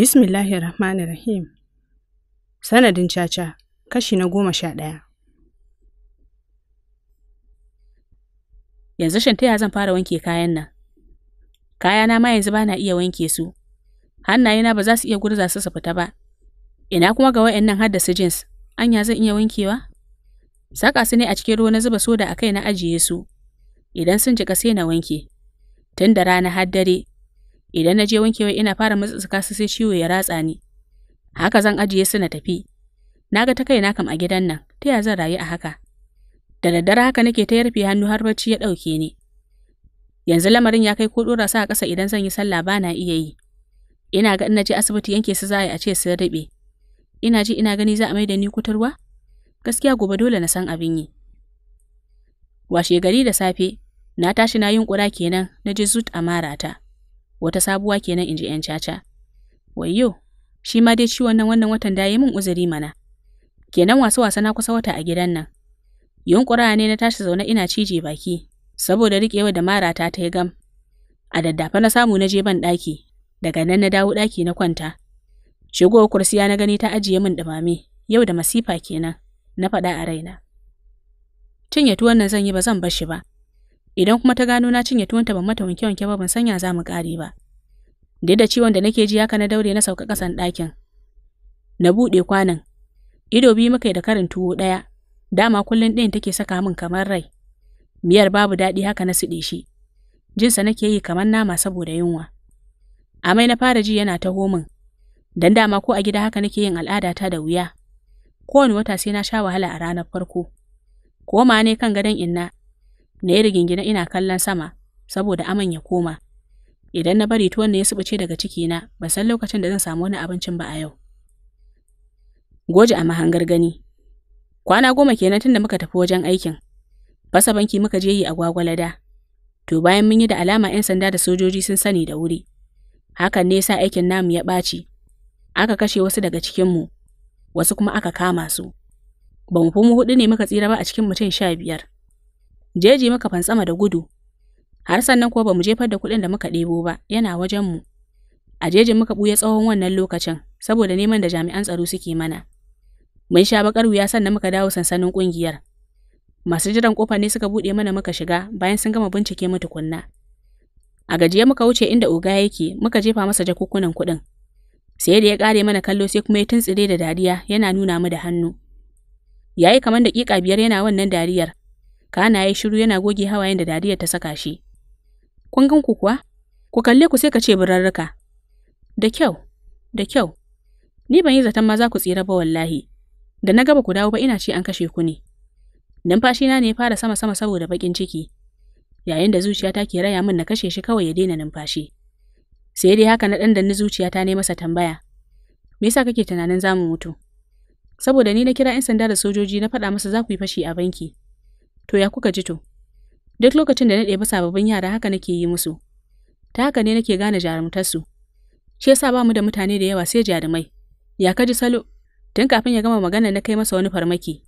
Bismillahir Rahmanir Rahim. Sanadin caca, kashi na goma sha ɗaya. Yanzu shan ta zan fara wanke kayan nan? Kayana ma yanzu ba na iya wanke su. Hannayena ba za su iya gurza su su fita ba. Ina kuma ga wa'annan nan jins su anya zan iya wankewa? Saka su ne a cikin ruwa na zuba soda a kai na ajiye su. Idan sun jika sai na wanke. Tun da rana har dare, Idan na je wankewa ina fara mutsuka su sai ciwo ya ratsa ni. Haka zan ajiye su na tafi. Na ga ta na kam a gidan nan, ta ya zan rayu a haka? Da daddare haka nake ta yarfe hannu har bacci ya ɗauke ni. Yanzu lamarin ya kai ko ɗora sa a ƙasa idan zan yi sallah ba na iya yi. Ina ga ina je asibiti yanke su za a ce su daɗe. Ina ji ina gani za a mai da ni kuturwa? Gaskiya gobe dole na san abin yi. Washe gari da safe, na tashi na yin ƙura kenan na ji zut a marata. wata sabuwa kenan in ji 'yan caca. Wayyo, shi ma dai ciwon nan wannan watan da ya min uzuri mana. Kenan wasa-wasa na kusa wata a gidan nan. Yunƙura ne na tashi zaune ina cije baki, saboda riƙewa da marata ta yi gam. A daddafa na samu na je ban ɗaki, daga nan na dawo ɗaki na kwanta. Shigowar kursiya na gani ta ajiye min ɗumame, yau da masifa kenan, na faɗa a raina. Cinye tuwon nan zan yi ba zan bar shi ba. Idan kuma ta gano na cinye tuwonta ban mata wanke-wanke ba ban sanya za mu ƙare ba. Duk da ciwon da nake ji haka na daure na sauka ƙasan ɗakin. Na buɗe kwanan. Ido biyu muka da karin tuwo ɗaya. Dama kullum ɗayan take saka min kamar rai. Miyar babu daɗi haka na siɗe shi. Jinsa nake yi kamar nama saboda yunwa. Amai na fara ji yana taho min. Dan dama ko a gida haka nake yin al'adata da wuya. Kowane wata sai na sha wahala a ranar farko. Koma ne kan gadon inna, Na yi rigingina ina kallon sama, saboda aman ya koma. Idan na bari tuwon ya subuce daga cikina, ba san lokacin da zan samu wani abincin ba a yau. Goji a mahangar gani. Kwana goma kenan tun da muka tafi wajen aikin. Fasa banki muka je yi a gwagwalada. To bayan mun yi da alama 'yan sanda da sojoji sun sani da wuri. Hakan ne sa aikin namu ya ɓaci. Aka kashe wasu daga cikinmu, wasu kuma aka kama su. Ba mu fi mu huɗu ne muka tsira ba a cikin mutum sha biyar. Jeji muka fantsama da gudu. Har sannan kuwa ba mu jefar da kuɗin da muka ɗebo ba, yana wajen mu. A jejin muka ɓuya tsawon wannan lokacin, saboda neman da jami'an tsaro suke mana. Mun sha bakar wuya sannan muka dawo sansanin ƙungiyar. Masu jiran ƙofa ne suka buɗe mana muka shiga bayan sun gama bincike mu tukunna. A gajiye muka wuce inda oga yake muka jefa masa jakukkunan kuɗin. Sai da ya ƙare mana kallo sai kuma ya tuntsire da dariya yana nuna mu da hannu. Yayi kamar daƙiƙa biyar yana wannan dariyar Kana yi shiru yana goge hawayen da dariya ta saka shi. Kun gan ku kuwa? Ku kalle ku sai ka ce birarruka. Da kyau, da kyau. Ni ban yi zaton ma za ku tsira ba wallahi. Da na gaba ku dawo ba ina ce an kashe ku ne. Numfashi na ne ya fara sama-sama saboda baƙin ciki. Yayin da zuciyata ke raya min na kashe shi kawai ya daina numfashi. Sai dai haka na ɗan zuciya zuciyata ne masa tambaya. Me yasa kake tunanin za mu mutu? Saboda ni na kira 'yan sanda da sojoji na faɗa masa za ku yi fashi a banki. To ya kuka ji to? Duk lokacin da na ɗebi sababbin yara haka nake yi musu. Ta haka ne nake gane jarumtarsu. Shi yasa ba mu da mutane da yawa sai jarumai. Ya ka ji salo? Tun kafin ya gama magana na kai masa wani farmaki.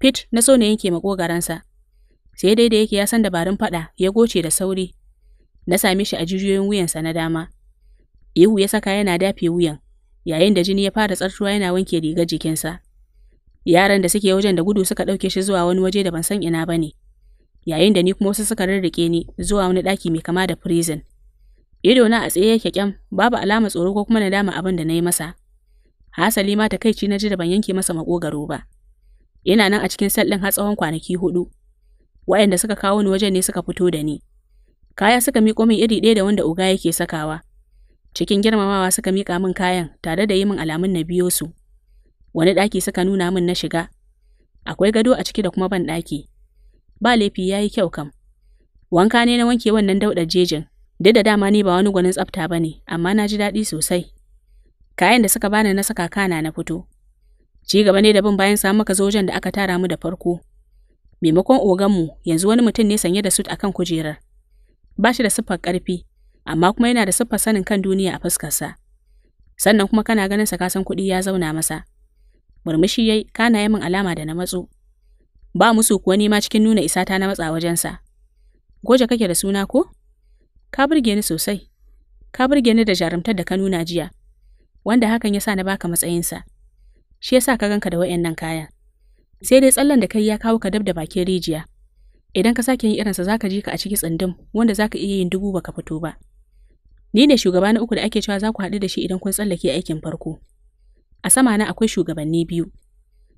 Pit na so na yanke makogaransa. Sai dai da yake ya san dabarun faɗa ya goce da sauri. Na same shi a jijiyoyin wuyansa na dama. Ihu ya saka yana dafe wuyan, yayin da jini ya fara tsartuwa yana wanke rigar jikinsa. Yaran da suke wajen da gudu suka ɗauke shi zuwa wani waje da ban san ina ba ne. Yayin da ni kuma wasu suka rirrike ni zuwa wani ɗaki mai kama da prison. Ido na a tsaye yake kyam, babu alama tsoro ko kuma nadama abin da na yi masa. Hasali ma takaici na ji da ban yanke masa makogaro ba. Ina nan a cikin sel ɗin har tsawon kwanaki hudu. Waɗanda suka kawo ni wajen ne suka fito da ni. Kaya suka miƙo min iri ɗaya da wanda uga yake sakawa. Cikin girmamawa suka miƙa min kayan tare da yi min alamun na biyo su. wani ɗaki suka nuna min na shiga akwai gado a ciki da kuma ban ɗaki ba laifi ya yi kyau kam wanka ne na wanke wannan dauɗar jejin duk da dama ni ba wani gwanin tsafta ba ne amma na ji daɗi sosai kayan da suka bani na saka kana na fito ci gaba ne da bin bayan samu maka zojen da aka tara mu da farko maimakon oganmu yanzu wani mutum ne sanye da sut akan kujerar ba shi da siffar ƙarfi amma kuma yana da siffar sanin kan duniya a fuskarsa sannan kuma kana ganin sa kasan kuɗi ya zauna masa murmushi yayi kana min alama da na matso ba musu kuwa nima cikin nuna isata na matsa sa goje kake da suna ko ka burge ni sosai ka burge ni da jarumtar da ka nuna jiya wanda hakan yasa na baka matsayin sa shi yasa ka ganka da wayannan kaya sai dai tsallan da kai ya kawo ka dab da bakin rijiya idan ka sake yin irin irinsa zaka ji ka a ciki tsindin wanda zaka iya yin dubu baka fito ba ni ne shugaba na uku da ake cewa za ku haɗu da shi idan kun tsallake aikin farko A sama na akwai shugabanni biyu.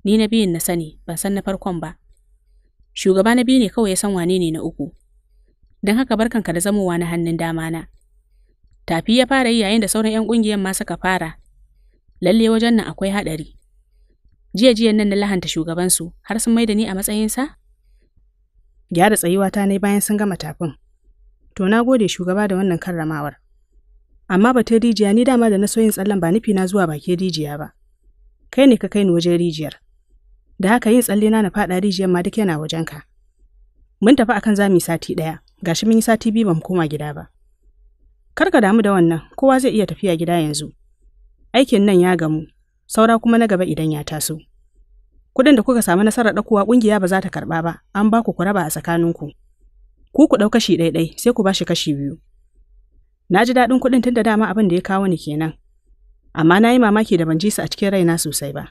Ni na biyun na sani, ban san na farkon ba. Shugaba na biyu ne kawai ya san wane ne na uku. Don haka barkanka da zamowa na hannun dama na. Tafi ya fara yi yayin da sauran 'yan ƙungiyar ma suka fara. Lalle wajen nan akwai haɗari. Jiya jiyan nan na lahanta shugabansu har sun mai da ni a matsayinsa? Gyara tsayuwa ta ne bayan sun gama tafin. To na gode shugaba da wannan karramawar. Amma batun rijiya ni dama da na so yin tsallan ba nufi na zuwa bakin rijiya ba. kai ne ka kai ni wajen rijiyar da haka yin tsalle na na faɗa rijiyar ma duk yana ka. mun tafi akan zami sati ɗaya gashi mun yi sati biyu bamu koma gida ba kar ka damu da wannan kowa zai iya tafiya gida yanzu aikin nan ya gamu saura kuma na gaba idan ya taso kuɗin da kuka samu nasarar ɗaukowa ƙungiya ba za ta karɓa ba an ba ku ku raba a tsakaninku ku ku ɗau kashi ɗaiɗai sai ku ba kashi biyu na ji daɗin kuɗin tun da dama abin da ya kawo ni kenan amma na yi mamaki da ban ji su a cikin raina sosai ba.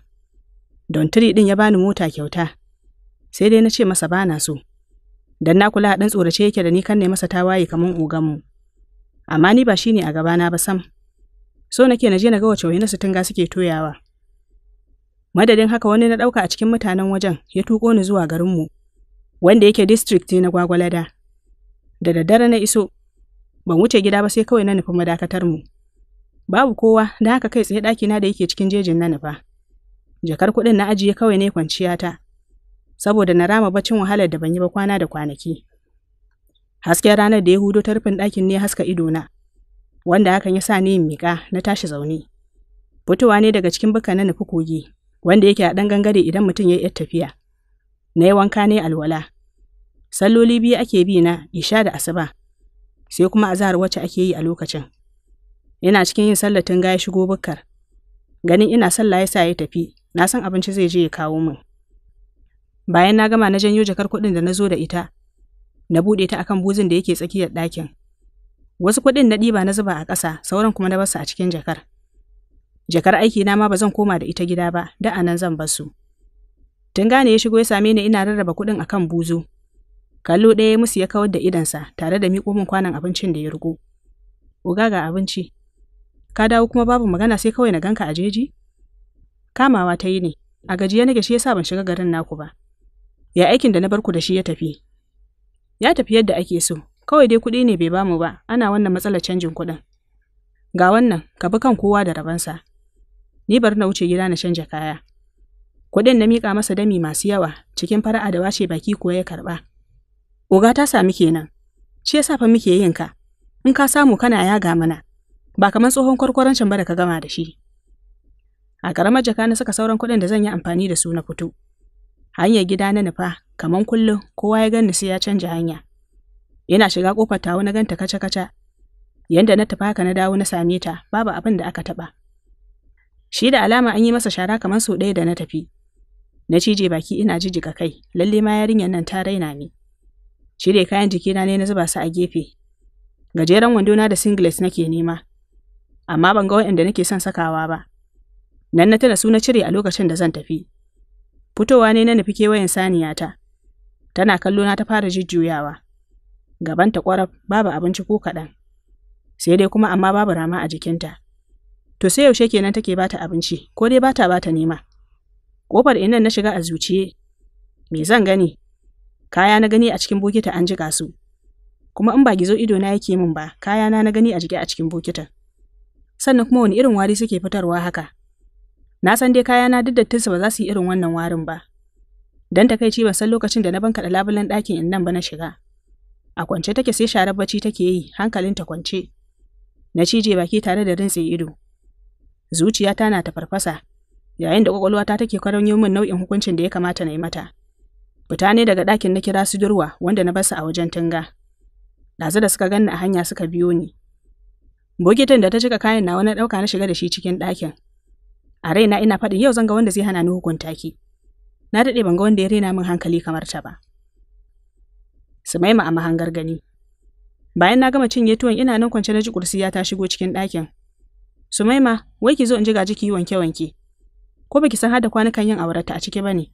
Don tiri ɗin ya bani mota kyauta, sai dai na ce masa bana so. Don na kula ɗan tsorace yake da ni kan ne masa tawaye kamar oganmu. Amma ni ba shi ne a gabana ba sam. So nake na je na ga wace wani su tunga suke toyawa. Madadin haka wani na ɗauka a cikin mutanen wajen ya tuƙo ni zuwa garinmu, wanda yake district ne na Gwagwalada. Da daddare na iso, ban wuce gida ba sai kawai na nufi madakatar mu. Babu kowa, da haka kai tsaye ɗakina da yake cikin jejin na nufa. Jakar kuɗin na ajiye kawai ne kwanciya ta, saboda na rama bacin wahalar da ban yi ba kwana da kwanaki. Hasken ranar da ya hudo ta rufin ɗakin ne haska idona, wanda hakan ya sa ni in miƙa na tashi zaune. Fitowa ne daga cikin bukka na nufi kogi, wanda yake a ɗan gangare idan mutum ya yi tafiya. Na yi wanka ne alwala. Salloli biyu ake bi na isha da asuba, sai kuma a azahar wacce ake yi a lokacin. yana cikin yin sallah tun ya shigo bukkar. ganin ina sallah ya sa ya tafi na san abinci zai je ya kawo min bayan na gama na janyo jakar kuɗin da na zo da ita na buɗe ta akan buzin da yake tsakiyar ɗakin wasu kuɗin na ɗiba na zuba a ƙasa sauran kuma na basu a cikin jakar jakar aiki na ma ba zan koma da ita gida ba da anan zan basu tun gane ya shigo ya same ni ina rarraba kuɗin akan buzu kallo ɗaya musu ya kawar da idansa tare da miƙo min kwanon abincin da ya rugo Uga ga abinci, Ka dawo kuma babu magana sai kawai na ganka a jeji? Kamawa ta yi ne, a gajiya nake shi yasa ban shiga garin naku ba. Ya aikin da na barku da shi ya tafi. Ya tafi yadda ake so, kawai dai kuɗi ne bai bamu ba, ana wannan matsalar canjin kuɗin. Ga wannan, ka bi kan kowa da rabansa. Ni bar na wuce gida na canja kaya. Kuɗin na miƙa masa dami masu yawa, cikin fara'a da wace baki kuwa ya karɓa. Oga ta sami kenan, shi yasa fa muke yin ka, in ka samu kana yaga mana, ba kamar tsohon can ba da ka gama da shi. A ƙaramar jaka na saka sauran kuɗin da zan yi amfani da su na fito. Hanyar gida na nufa, kamar kullum kowa ya gani sai ya canja hanya. Ina shiga ƙofar tawo na ganta kaca-kaca. Yanda na tafi haka na dawo na same ta, babu abin da aka taɓa. Shi da alama an yi masa shara kamar sau ɗaya da na tafi. Na cije baki ina jijjiga kai, lalle ma yarinyar nan ta raina ni. Shirya kayan jikina ne na zuba su a gefe. Gajeren wando na da singlet nake nema, amma ban ga waɗanda nake son sakawa ba. Nan na tana su na cire a lokacin da zan tafi. Fitowa ne na nufi kewayen ta. Tana kallo na ta fara jujjuyawa. Gabanta ƙwarar, babu abinci ko kaɗan. Sai dai kuma amma babu rama a jikinta. To sai yaushe kenan take bata abinci ko dai ba bata bata nema. Ƙofar inan na shiga a zuciye. Me zan gani? Kaya na gani a cikin bokita an jiƙa su. Kuma in ba gizo ido na yake min ba, kaya na na gani a jike a cikin bokitan. sannan kuma wani irin wari suke fitarwa haka. Na san dai kayana duk dattinsa ba za su yi irin wannan warin ba. Dan takaici ban san lokacin da na bankaɗa labulen ɗakin in nan ba na shiga. A kwance take sai sharar bacci take yi hankalin ta kwance. Na cije baki tare da rintse ido. Zuciyata na ta farfasa yayin da kwakwalwata take kwaranyo min nau'in hukuncin da ya kamata na yi mata. Fita ne daga ɗakin na kira su durwa wanda na basu a wajen tunga. Ɗazu da suka ganni a hanya suka biyo ni. bokitin da ta cika kayan nawa na ɗauka na shiga da shi cikin ɗakin a raina ina faɗin yau zan ga wanda zai hana ni hukunta ki na daɗe ban ga wanda ya raina min hankali kamar ta ba Sumaima a mahangar gani bayan na gama cinye tuwon ina nan kwance na ji ya ta shigo cikin ɗakin Sumaima wai ki zo in ji gaji ki yi wanke wanke ko baki san hada kwanukan yin aurata a ciki ne?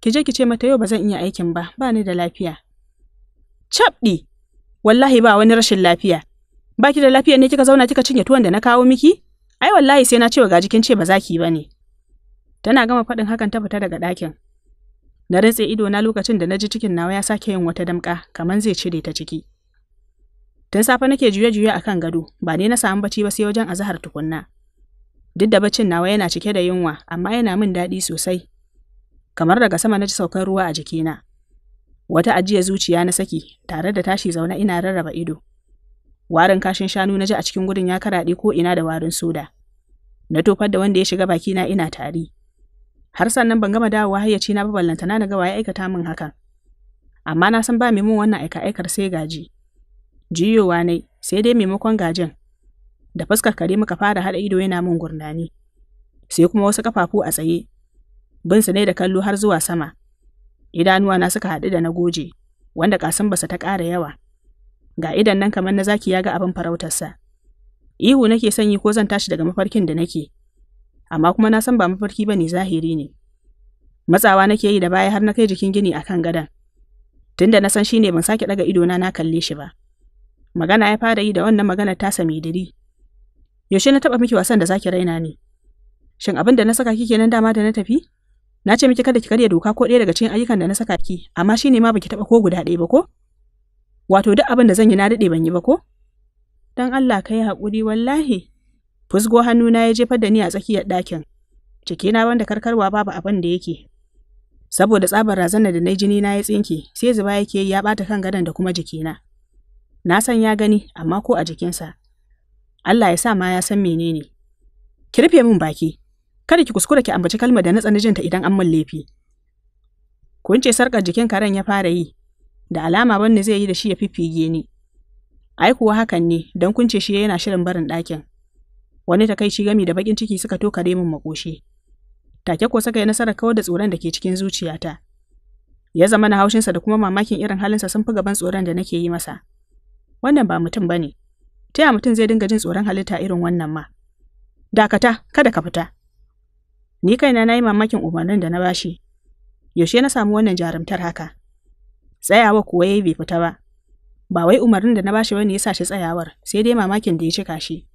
ki je ki ce mata yau ba zan iya aikin ba ba ni da lafiya Cabɗi! wallahi ba wani rashin lafiya baki da lafiya ne kika zauna kika cinye tuwon da na kawo miki ai wallahi sai na cewa gaji kin ce ba za ki bane tana gama faɗin hakan ta fita daga ɗakin na rintse ido na lokacin da na ji cikin nawa ya sake yin wata damƙa kamar zai cire ta ciki tun safe nake juye-juye a kan gado ba ne na samu bacci ba sai wajen azahar tukunna duk da baccin nawa yana cike da yunwa amma yana min daɗi sosai kamar daga sama na ji saukar ruwa a jikina wata ajiya zuciya na saki tare da tashi zauna ina rarraba ido Warin kashin shanu na ji a cikin gurin ya karaɗe ko ina da warin soda. Na tofar da wanda ya shiga bakina ina tari. Har sannan ban gama dawowa hayyaci na ba ballantana na ga waye aikata min hakan. Amma na san ba mai mun wannan aika aikar sai gaji. Jiyowa ne, sai dai maimakon gajin. Da fuskar kare muka fara haɗa ido yana min gurnani. Sai kuma wasu kafafu a tsaye. Bin su ne da kallo har zuwa sama. Idanuwa na suka haɗu da na goje, wanda kasan basa ta ƙara yawa. ga idan nan kamar na zaki ya ga abin farautarsa. Ihu nake sanyi ko zan tashi daga mafarkin da nake, amma kuma na san ba mafarki ba ne zahiri ne. Matsawa nake yi da baya har na kai jikin gini a kan gadon. Tunda na san shi ne ban sake daga idona na kalle shi ba. Magana ya fara yi da wannan magana ta mai diri. Yaushe na taɓa miki wasan da zaki raina ne? Shin abin da na saka ki kenan dama da na tafi? Na ce miki kada ki karya doka ko ɗaya daga cikin ayyukan da na saka ki, amma shi ne ma baki taɓa ko guda ɗaya ba ko? wato duk abin da zan yi na daɗe ban yi ba ko don Allah ka yi haƙuri wallahi fusgo na ya jefar da ni a tsakiyar ɗakin na wanda karkarwa babu abin da yake saboda tsabar razana da na jini na ya tsinke sai zuba yake ya ɓata kan gadon da kuma jikina na san ya gani amma ko a jikinsa Allah ya sa ma ya san menene ki rufe min baki kada ki kuskura ki ambaci kalmar da na tsani jinta idan an mun laifi Kun ce sarƙar jikin karen ya fara yi da alama ban zai yi da shi ya fiffige ni. Ai kuwa hakan ne, don kunce shi yana shirin barin ɗakin. Wani takaici gami da bakin ciki suka toka min makoshi. Take ko saka yi nasarar kawar da tsoron da ke cikin zuciyata. Ya zama na haushinsa da kuma mamakin irin halinsa sun fi gaban tsoron da nake yi masa. Wannan ba mutum ba ne. Ta mutum zai dinga jin tsoron halitta irin wannan ma? Dakata, kada ka fita. Ni kaina na yi mamakin umarnin da na bashi. Yaushe na samu wannan jarumtar haka? tsayawa kuwa yi bai fita ba ba wai umarnin da na bashi wani ya sa shi tsayawar sai dai mamakin da ya cika shi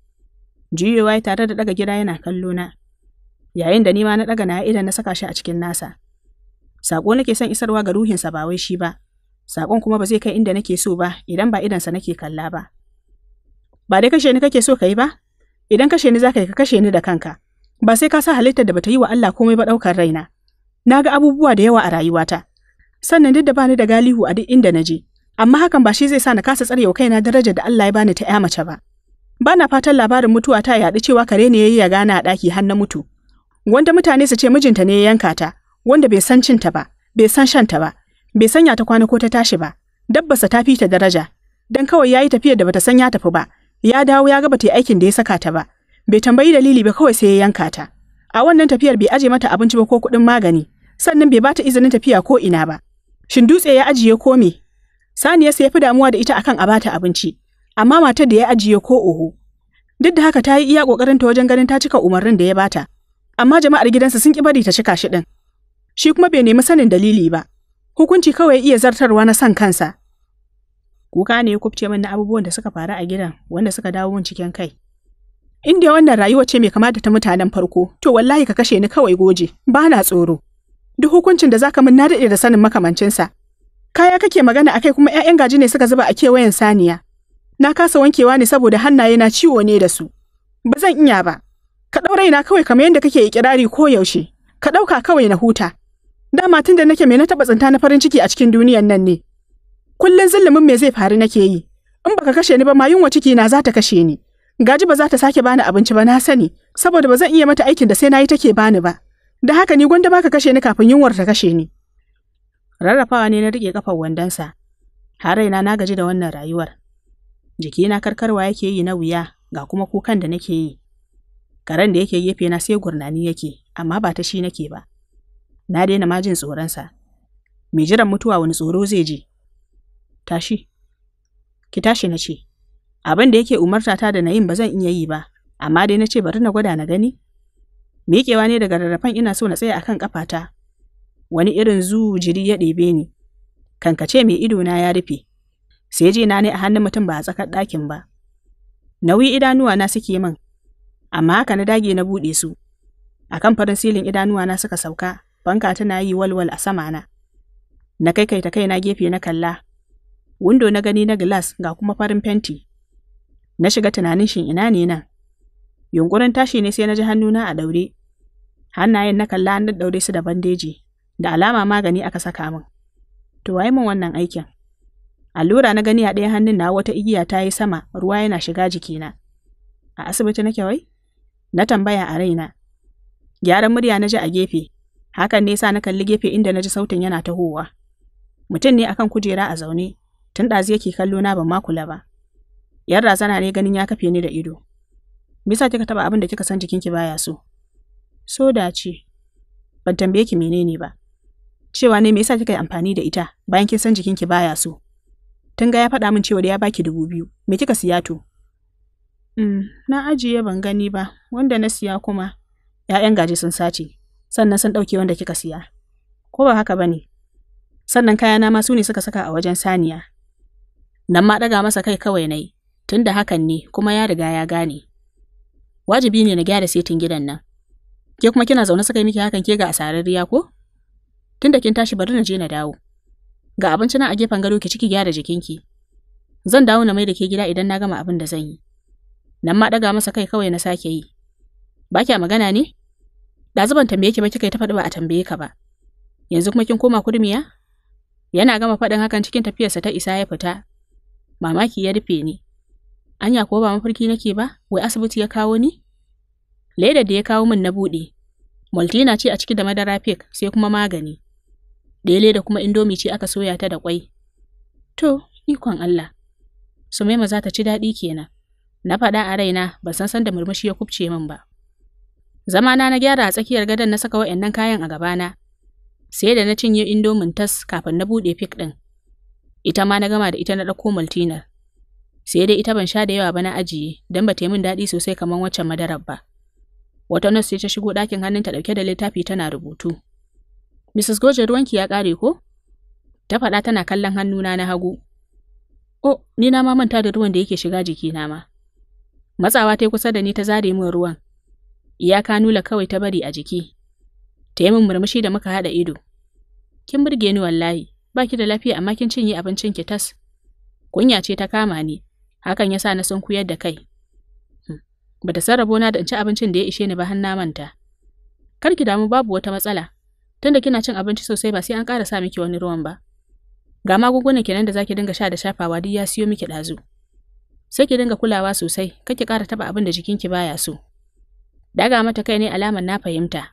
juyowa tare da daga gida yana kallo na yayin da ni ma na daga na idan na saka shi a cikin nasa sako nake son isarwa ga ruhinsa ba wai shi ba sakon kuma ba zai kai inda nake so ba idan ba idansa nake kalla ba ba dai kashe ni kake so ka yi ba idan kashe ni zaka yi ka kashe ni da kanka ba sai ka sa halittar da bata yi wa Allah komai ba daukar raina na ga abubuwa da yawa a rayuwata sannan duk da bani da galihu a duk inda na je amma hakan ba shi zai sa na kasa tsarewa kaina darajar da Allah ya bani ta ya mace ba bana fatan labarin mutuwa ta yaɗu cewa kare ne ya yi ya gana a ɗaki har na mutu wanda mutane su ce mijinta ne ya yanka ta wanda bai san cinta ba bai san shanta ba bai sanya ta kwana ko ta tashi ba sa ta fi ta daraja dan kawai ya yi tafiyar da bata san ya tafi ba ya dawo ya ga bata yi aikin da ya saka ta ba bai tambayi dalili ba kawai sai ya yanka ta a wannan tafiyar bai aje mata abinci ba ko kuɗin magani sannan bai bata izinin tafiya ko ina ba Shin dutse ya ajiye ko me? Saniyarsa ya fi damuwa da ita akan a bata abinci, amma matar da ya ajiye ko oho. Duk da haka ta yi iya ta wajen ganin ta cika umarnin da ya bata, amma jama'ar gidansa sun ki bari ta cika shi ɗin. Shi kuma bai nemi sanin dalili ba, hukunci kawai iya zartarwa na son kansa. Kuka ne ya kubce min na abubuwan da suka faru a gidan wanda suka dawo min cikin kai. Indiya wannan rayuwa ce mai kamata ta mutanen farko, to wallahi ka kashe ni kawai goje, bana tsoro. duk hukuncin da zaka min na daɗe da sanin makamancinsa. Kaya kake magana akai kuma 'ya'yan gaji ne suka zuba a kewayen saniya. Na kasa wankewa ne saboda hannaye na ciwo ne da su. Ba zan iya ba. Ka ɗau raina kawai kamar yadda kake ikirari ko yaushe. Ka ɗauka kawai na huta. Dama tun da nake me na taɓa tsinta na farin ciki a cikin duniyan nan ne. Kullum zillumin me zai faru nake yi. In baka kashe ni ba ma yunwa ciki na za ta kashe ni. Gaji ba za ta sake bani abinci ba na sani saboda ba zan iya mata aikin da sai na yi take bani ba. Da haka ni gwanda baka kashe ni kafin yunwar ta kashe ni. Rarrafawa ne na riƙe ƙafar wandonsa. Har raina na gaji da wannan rayuwar. Jikina karkarwa yake yi na wuya ga kuma kukan da nake yi. Karen da yake gefe na sai gurnani yake, amma ba ta shi nake ba. Na daina ma jin tsoronsa. Mai jiran mutuwa wani tsoro zai ji. Tashi. Ki tashi na ce. Abin da yake umarta ta da na yin ba zan iya yi ba, amma dai na ce bari na gwada na gani. miƙewa ne daga rarrafan ina so na tsaya akan ƙafata wani irin zu jiri ya ɗebe ni kankace mai ido na ya rufe sai ji na ne a hannun mutum ba a tsakar ɗakin ba nauyi idanuwa na suke min amma haka na dage na buɗe su akan farin silin idanuwa na suka sauka fanka tana yi walwal a sama na na kai-kai kai na gefe na kalla windo na gani na gilas ga kuma farin fenti na shiga tunanin shin ina ne nan yunkurin tashi ne sai na ji hannuna a daure Hannayen na kalla an daddaure su da bandeji, da alama magani aka saka min. To waye min wannan aikin? Allura na gani a ɗaya hannun na wata igiya ta yi sama, ruwa yana shiga jikina. A asibiti nake wai? Na tambaya a raina. Gyaran murya na ji a gefe, hakan ne sa na kalli gefe inda na ji sautin yana tahowa. Mutum ne akan kujera a zaune, tun ɗazi yake kallo na ban makula ba. Yar razana ne ganin ya kafe ni da ido. bisa kika taba abin da kika san jikinki baya so? soda ce. Ban tambaye ki menene ba. Cewa ne me yasa kika yi amfani da ita bayan kin san jikin jikinki baya so. Tun ga ya faɗa min cewa da ya baki dubu biyu. Me kika siya to? Mm, na ajiye ban gani ba, wanda na siya kuma ‘ya'yan gaji sun sace, sannan sun ɗauke wanda kika siya. Ko ba haka ba ne? Sannan kayana ma su ne suka saka a wajen saniya. Nan ma ɗaga masa kai kawai na yi, tun da hakan ne kuma ya riga ya gane. Wajibi ne na gyara setin gidan nan, Ke kuma kina zaune suka yi miki hakan ke ga asararriya ko? Tunda kin tashi bari na je na dawo. Ga abinci nan a gefen gado ki ciki gyara jikinki. Zan dawo na mai da ke gida idan na gama abin da zan yi. Nan ma ɗaga masa kai kawai na sake yi. Ba kya magana ne? zuban tambaye ki ba kika yi ta faɗi ba a tambaye ka ba. Yanzu kuma kin koma kurmiya? Yana gama faɗin hakan cikin tafiyarsa ta isa ya fita. Mamaki ya rufe ni. Anya ko ba mafarki nake ba? Wai asibiti ya kawo ni? Ledar da ya kawo min na buɗe, Maltina ce a ciki da madara fik sai kuma magani. Ɗaya leda kuma indomi ce aka soya ta da kwai. To, ikon Allah. Sumaima za ta ci daɗi kenan. Na faɗa a raina ban san san da murmushi ya kubce min ba. Zamana na gyara a tsakiyar gadon na saka wa'annan kayan a gabana. Sai da na cinye indomin tas kafin na buɗe fik ɗin. Ita ma na gama da ita na ɗauko maltinar. Sai dai ita ban sha da yawa ba na ajiye don ba ta yi min daɗi sosai kamar waccan madarar ba. Wata nurse ta shigo ɗakin hannunta ɗauke da littafi tana rubutu. Mrs. Goje ruwanki ya ƙare ko? Ta faɗa tana kallon hannuna na hagu. Oh, ni na ma manta da ruwan da yake shiga jikina ma. Matsawa ta kusa da ni ta zare min ruwan. Iyaka nula kawai ta bari a jiki. Ta yi min murmushi da muka haɗa ido. Kin burge ni wallahi, ba ki da lafiya amma kin cinye abincin ki tas. Kunya ce ta kama ni, hakan ya sa na sunkuyar da kai. Bata san rabona da in ci abincin da ya ishe ni ba har na manta. Kar ki damu babu wata matsala. Tunda kina cin abinci sosai ba sai an ƙara sa miki wani ruwan ba. Ga magungunan kenan da zaki dinga sha da shafawa duk ya siyo miki ɗazu. Sai ki dinga kulawa sosai, kar ki ƙara taɓa abin da ki baya so. Daga mata kai ne alamar na fahimta.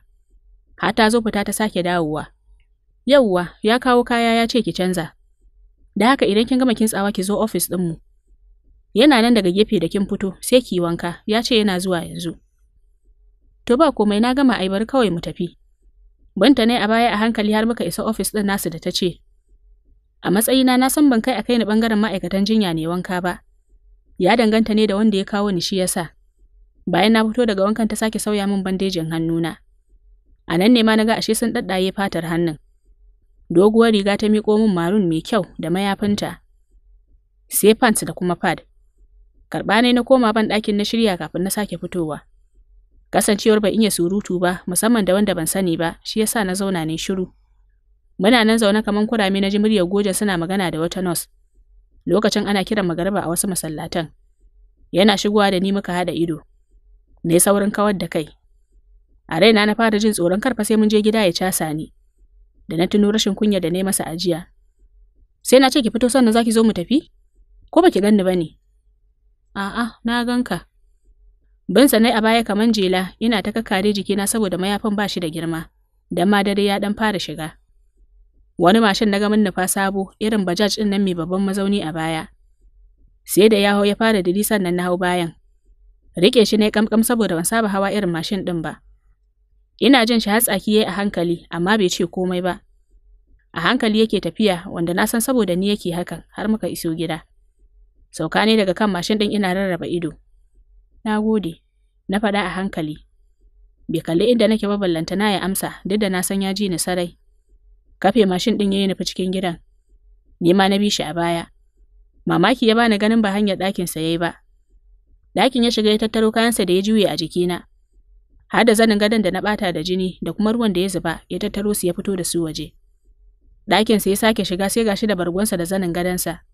Har ta zo fita ta sake dawowa. Yauwa, ya kawo kaya ya ce ki canza. Da haka idan kin gama kin tsawa ki zo ofis mu. Yana nan daga gefe da kin fito, sai ki wanka, ya ce yana zuwa yanzu. To ba komai na gama ai bari kawai mu tafi. Banta ne a baya a hankali har muka isa ofis ɗin nasu da ta ce, A matsayina na san ban kai a ni ɓangaren ma'aikatan jinya ne wanka ba. Ya danganta ne da wanda ya kawo ni shi yasa. Bayan na fito daga wankan ta sake sauya min bandejin hannuna. A nan ne ma na ga ashe sun ɗaɗɗaye fatar hannun. doguwar riga ta miƙo min marun mai kyau da mayafinta, sai pants da kuma pad. Karɓa ne na koma ban ɗakin na shirya kafin na sake fitowa. Kasancewar in iya surutu ba, musamman da wanda ban sani ba, shi yasa na zauna ne shiru. Muna nan zaune kaman kurame na ji muryar goje suna magana da wata nos. Lokacin ana kiran magariba a wasu masallatan. Yana shigowa da ni muka haɗa ido. Na yi saurin kawar da kai. A raina na fara jin tsoron karfa sai mun je gida ya casa ni. Da na tuno rashin kunya da na masa ajiya. Sai na ce ki fito sannan za ki zo mu tafi? Ko ba ki ganni ba ne? A'a, na gan ka. Bin sanai a baya kaman jela, ina ta kakkare jikina saboda mayafin ba shi da girma, dan ma dare ya ɗan fara shiga. Wani mashin na gamin nufa sabo, irin bajaj ɗin nan mai babban mazauni a baya. Sai da yaho ya fara diri sannan na hau bayan. Rike shi ne kamkam saboda ban saba hawa irin mashin ɗin ba. Ina jin shi hatsaki yayi a hankali, amma bai ce komai ba. A hankali yake tafiya, wanda na san saboda ni yake hakan, har muka iso gida. Sauka ne daga kan mashin ɗin ina rarraba ido. Na gode, na faɗa a hankali. Bai kalli inda nake ba na ya amsa duk da na san ya ji ni sarai. Kafe mashin ɗin ya yi nufi cikin gidan. Ni ma na bi shi a baya. Mamaki ya bani ganin ba hanyar ɗakin ya yi ba. Ɗakin ya shiga ya tattaro kayansa da ya juye a jikina. har da zanin gadon da na bata da jini da kuma ruwan da ya zuba ya tattaro su ya fito da su waje. Ɗakinsa ya sake shiga sai gashi da bargonsa da zanin gadonsa.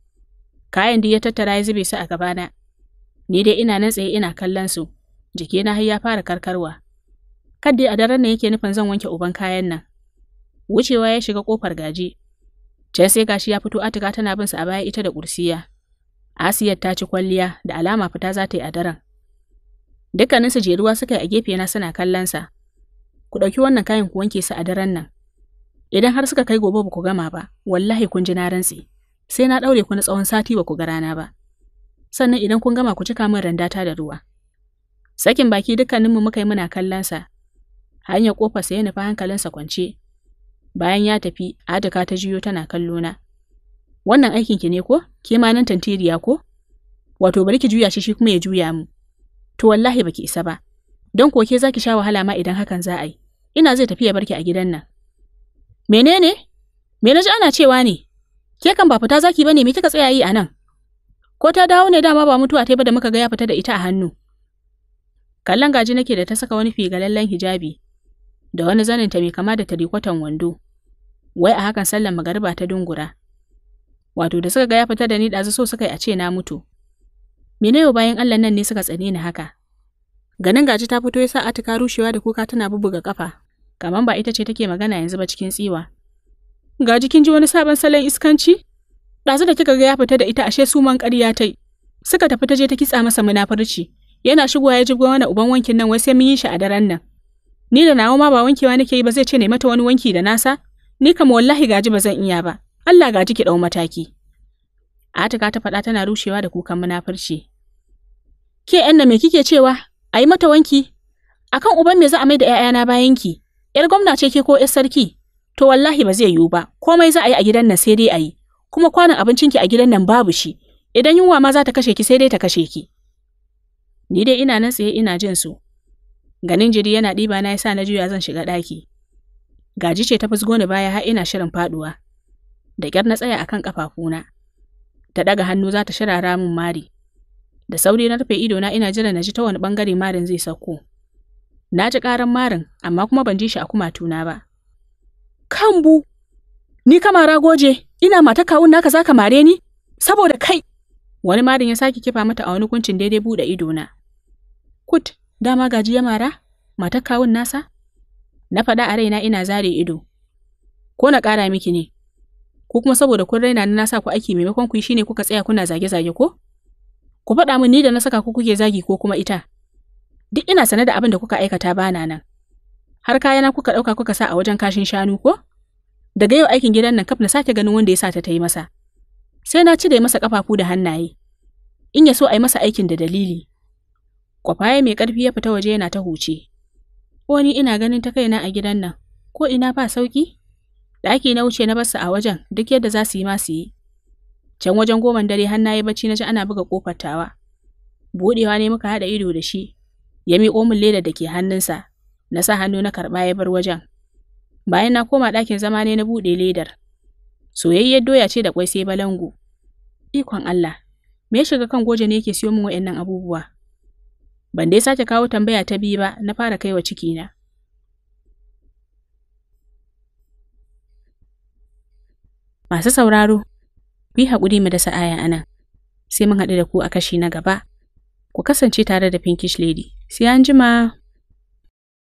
Kayan duk ya tattara ya zube su a gabana. Ni dai ina nan tsaye ina kallon su. Jikina har ya fara karkarwa. Kadai a daren nan yake nufin zan wanke uban kayan nan. Wucewa ya shiga kofar gaji. Can sai gashi ya fito Atika tana bin su a baya ita da kursiya. Asiyar ta ci kwalliya da alama fita za ta yi a daren. Dukkaninsu jeruwa suka yi a gefe na suna kallon sa. Ku ɗauki wannan kayan ku wanke su a daren nan. Idan har suka kai gobe ba ku gama ba, wallahi kun ji na rantse. sai na ɗaure ku na tsawon sati ba ku ga rana ba. Sannan idan kun gama ku cika min randata da ruwa. Sakin baki dukkaninmu muka yi muna kallonsa. Hanyar sai ya nufi hankalinsa kwance. Bayan ya tafi, Adaka ta juyo tana kallona. Wannan aikin ki ne ko? Ke ma nan tantiriya ko? Wato bari ki juya shi shi kuma ya juya mu. To wallahi baki isa ba. Don ko ke zaki sha wahala ma idan hakan za a yi. Ina zai tafi ya barki a gidan nan. Menene? Me na ji ana cewa ne? Ke kan ba fita zaki bane me kika tsaya yi anan? Ko ta dawo ne dama ba mutuwa ta ba da muka ga ya fita da ita a hannu. Kallon gaji nake da ta saka wani figalallen hijabi da wani zanin ta mai kama da tarikwatan wando. Wai a hakan sallan magariba ta dungura. Wato da suka ga ya fita da ni ɗazu so suka yi a ce na mutu. Menene yau bayan Allah nan ne suka tsane ni haka? Ganin gaji ta fito ya sa Atika rushewa da kuka tana bubuga kafa, kamar ba ita ce take magana yanzu ba cikin tsiwa. Ga jikin ji wani sabon salon iskanci? Ɗazu da kika ga ya fita da ita ashe suman ƙarya ta yi. Suka tafi ta je ta kitsa masa munafurci. Yana shigowa ya jibgo mana uban wankin nan wai sai mun yi shi a daren nan. Ni da nawa ma ba wankewa nake yi ba zai ce ne mata wani wanki da nasa? Ni kam wallahi gaji ba zan iya ba. Allah gaji ki dau mataki. Atika ta faɗa tana rushewa da kukan munafurci. Ke ‘yan me kike cewa? A yi mata wanki? Akan uban me za a mai da ‘ya'yana bayan ki? ‘Yar gwamna ce ke ko ‘yar sarki? to wallahi ba zai yiwu ba komai za a yi a gidan nan sai dai a yi kuma kwanan ki a gidan nan babu shi idan yunwa ma za ta kashe ki sai dai ta kashe ki ni dai ina nan tsaye ina jin su ganin jiri yana ɗiba na yasa na juya zan shiga ɗaki gaji ce ta fusgo ni baya har ina shirin faɗuwa. da ƙyar na tsaya akan kafafuna ta ɗaga hannu za ta shirara min mari da sauri na rufe ido na ina jira na ji ta wani bangare marin zai sauko na ji ƙaran marin amma kuma ban ji shi a kumatuna ba Kambu, ni kama ragoje, ina mata kawun naka zaka ka mare ni? Saboda kai! Wani marin ya sake kifa mata a wani kuncin daidai buɗe na Kut, dama gaji ya mara? Mata kawun nasa? Na faɗa a raina ina zare ido. Ko na ƙara miki ne? Ko kuma saboda kun raina na sa ku aiki maimakon ku shine kuka tsaya kuna zage-zage ko? Ku faɗa min ni da na saka ku kuke zagi ko kuma ita. Duk ina sane da abin da kuka aikata bana nan. har kayana kuka ɗauka kuka sa a wajen kashin shanu ko? Daga yau aikin gidan nan kaf na sake ganin wanda ya sa ta ta yi masa. Sai na ci cire masa kafafu da hannaye. In ya so a yi masa aikin da dalili. Kwafaye mai ƙarfi ya fita waje yana ta huce. Ko ni ina ganin ta kaina a gidan nan, ko ina ba sauki? Da ake na wuce na barsa a wajen duk yadda za su yi ma su yi. Can wajen goman dare hannaye bacci na ji ana buga ƙofar tawa. Buɗewa ne muka haɗa ido da shi, ya miƙo min leda da ke hannunsa na sa hannu na karɓa ya bar wajen. Bayan na koma ɗakin zama ne na buɗe ledar. Soyayyar doya ce da kwai sai balangu. Ikon Allah, me ya shiga kan goje ne yake siyo min wa'annan abubuwa? Ban dai sake kawo tambaya ta biyu ba na fara kai kaiwa na. Masu sauraro, ku yi haƙuri mu dasa aya a nan, sai mun haɗu da ku a kashi na gaba. Ku kasance tare da Pinkish Lady. Sai an jima.